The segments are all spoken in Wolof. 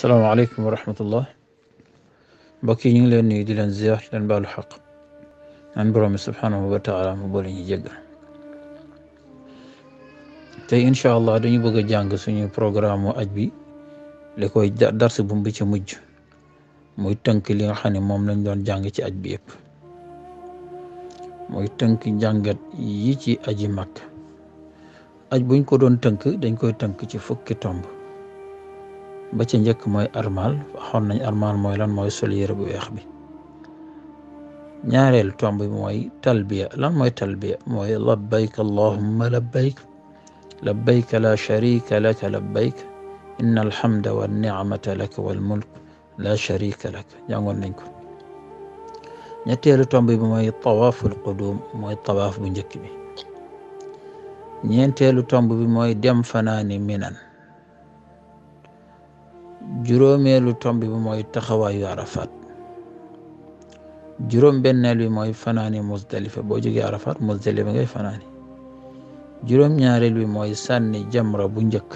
salaamaaleykum wa rahmatullah mbokk yi ñu ngi leen nuyu di leen ziar leen baalu xaq naan borom bi subhaanahu wa taala mu boole ñu jéggal tey incha allah dañu bëgg a jàng suñu programme mu aj bi li koy dars bu mu ci mujj muy tënk li nga xam ne moom lañ doon jàng ci aj bi yëpp muy tënk njàngat yi ci aji mag aj buñ ko doon tënk dañ koy tënk ci fukki tomb ba ci njëkk mooy armal waxoon nañ armal mooy lan mooy sol yére bu weex bi ñaareelu tomb bi mooy talbiya lan mooy talbiya mooy labbayk allahumma labbayk labbayk la sharika laka labbayk inna alhamda wa nicmata laka wal mulk la sharika laka jàngoon nañ ko ñetteelu tomb bi mooy tawaaful qudum mooy tawaaf bu njëkk bi ñeenteelu tomb bi mooy dem fanaani minan juróomeelu tomb bi mooy taxawaayu arafat juróom benneel bi mooy fanaani musdalifa boo jógee arafat musdalifa ngay fanaani juróom ñaareel bi mooy sànni jamra bu njëkk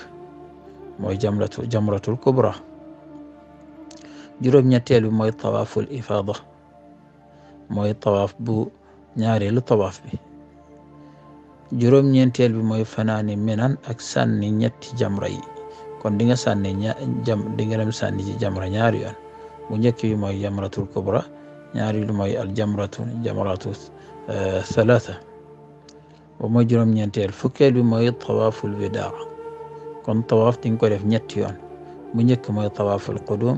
mooy jamratu jamratul kubra juróom ñetteel bi mooy tawaaful ifaada mooy tawaaf bu ñaareelu tawaaf bi juróom ñeenteel bi mooy fanaani minan ak sànni ñetti jamra yi kon di nga sànni ña jam di nga dem sànni ci jamra ñaari yoon bu njëkk bi mooy jamratul kubra ñaari lu mooy al jamratu jamratu e, thalatha ba mooy juróom-ñeenteel fukkeel bi mooy tawaaful widaa kon tawaaf di nga ko def ñetti yoon bu njëkk mooy tawaaful qudum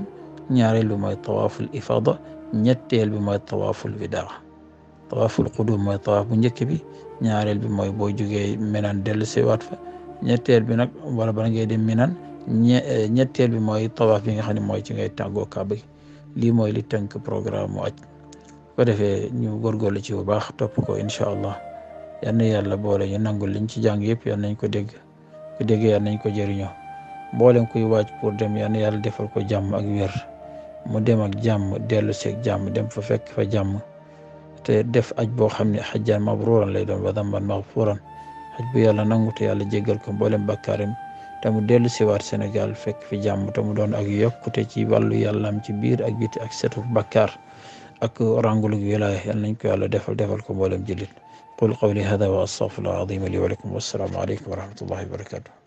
ñaareel bi mooy tawaaful ifada ñetteel bi mooy tawaaful widaa tawaaful qudum mooy tawaaf bu njëkk bi ñaareel bi mooy boo jugee menaan dellu si waat fa ñetteel bi nag wala bala ngay dem minan ñe eh, ñetteel bi mooy tawaaf yi nga xam ne mooy ci ngay tàggoo kaaba gi lii mooy li tënk programme mu aj ko defee ñu góorgóorlu ci bu baax topp ko incha allah yal na yàlla boole ñu nangu liñ ci jàng yëpp yal nañ ko dégg ku dégg yal nañ ko jëriñoo mbooleem kuy waaj pour dem yal na yàlla defal ko jàmm ak wér mu dem ak jàmm dellu seeg jàmm dem fa fekk fa jàmm te def aj boo xam ne xajjaan mabruuran lay doon ba damban maxfuuran aj bu yàlla nangu te yàlla jéggal ko mbooleem bakkaarim te mu dellu siwaat Sénégal fekk fi jàmm te mu doon ak yokkute ci wàllu yàllaam ci biir ak biti ak setu bakkaar ak rangulug wilaaya yal nañ ko yàlla defal defal ko mboolem jullit qul qawli hada wa astaghfirullah alazim li wa lakum wassalaamu aleykum wa rahmatullahi wa barakatuh